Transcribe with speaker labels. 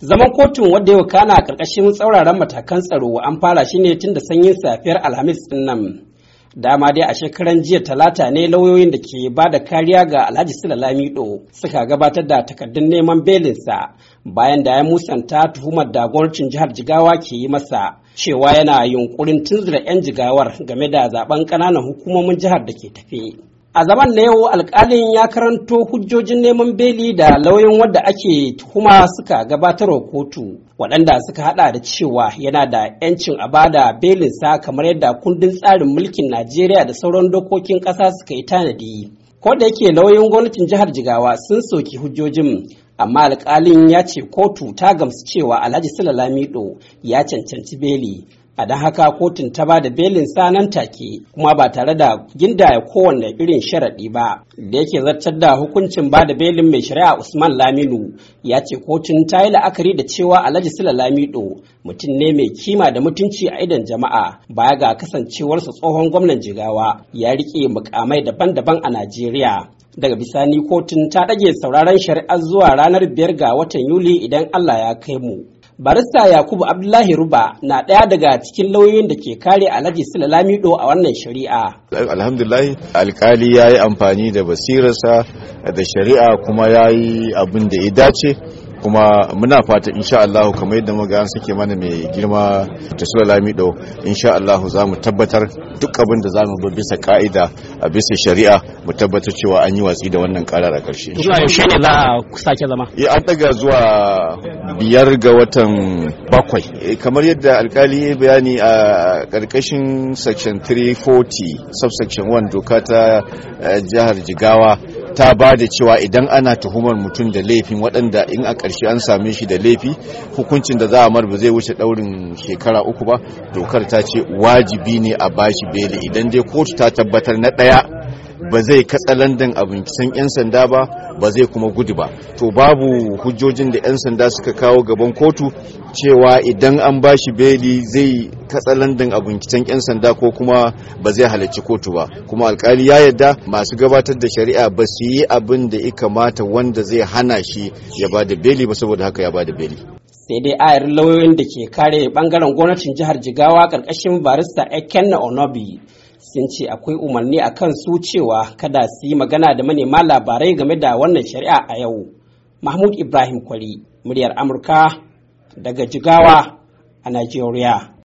Speaker 1: Zaman kotun wadda ya wakana a ƙarƙashin tsauraran matakan tsaro an fara shi ne tun da sanyin safiyar Alhamis din nan. Dama dai a shekaran jiya talata ne lauyoyin da ke ba da kariya ga Alhaji sila Lamido suka gabatar da takardun neman belinsa bayan da ya musanta tuhumar da gwamnatin jihar Jigawa ke yi masa cewa yana yunkurin tunzura 'yan jigawar game da zaben ƙananan hukumomin jihar da ke tafe. a zaman na yau alkalin ya karanto hujjojin neman beli da lauyan wadda ake tuhuma suka gabatar wa kotu waɗanda suka hada da cewa yana da 'yancin a bada belinsa kamar yadda kundin tsarin mulkin najeriya da sauran dokokin ƙasa suka yi tanadi ko da yake lauyin gwamnatin jihar jigawa sun soki hujjojin amma alkalin ya ce kotu ta gamsu cewa alhaji sula ya cancanci beli a da haka kotun ta ba da belin sa nan take kuma ba tare da gindaya kowanne irin sharaɗi ba da yake zartar da hukuncin bada belin mai shari'a usman laminu ya ce kotun ta yi la'akari da cewa alhaji sila lamido mutum ne mai kima da mutunci a idon jama'a baya ga kasancewarsa tsohon gwamnan jigawa ya riƙe mukamai daban-daban a najeriya daga bisani kotun ta ɗage sauraron shari'ar zuwa ranar biyar ga watan yuli idan allah ya kai mu barista yakubu abdullahi ruba na ɗaya daga cikin lauyoyin da ke kare alhaji sila lamido a wannan
Speaker 2: shari'a alhamdulahi alkali ya yi amfani da basirarsa da shari'a kuma ya yi abin da ya dace kuma muna fata insha Allah kamar yadda muga an sake mana mai girma Tasula Lamido insha Allah za mu tabbatar duk abin da za mu bi bisa ka'ida a bisa shari'a mu tabbatar cewa an yi watsi da wannan karar a ƙarshe. Zuwa yaushe ne za a sake zama? Eh, an daga zuwa biyar ga watan bakwai. Eh, kamar yadda alkali ya bayani a ƙarƙashin section 340 subsection 1 doka ta eh, jihar Jigawa ta ba da cewa idan ana tuhumar mutum da laifin waɗanda in a ƙarshe an same shi da laifi hukuncin da za a marba zai wuce ɗaurin shekara uku ba dokar ta ce wajibi ne a bashi beli idan dai kotu ta tabbatar na ɗaya ba zai landan a binciken 'yan sanda ba ba zai kuma gudu ba to babu hujjojin da 'yan sanda suka kawo gaban kotu cewa idan an ba shi beli zai landan a binciken 'yan sanda ko kuma ba zai halarci kotu ba kuma alkali ya yadda masu gabatar da shari'a ba su yi abin da ya kamata wanda zai hana shi ya ba da beli ba saboda haka ya ba da beli
Speaker 1: sai dai ayar lauyoyin da ke kare bangaren gwamnatin jihar jigawa karkashin barista ekenna onobi sun ce akwai umarni a kan su cewa kada su yi magana da manema labarai game da wannan shari'a a yau. Mahmud Ibrahim Kwari, muryar Amurka daga Jigawa a Najeriya.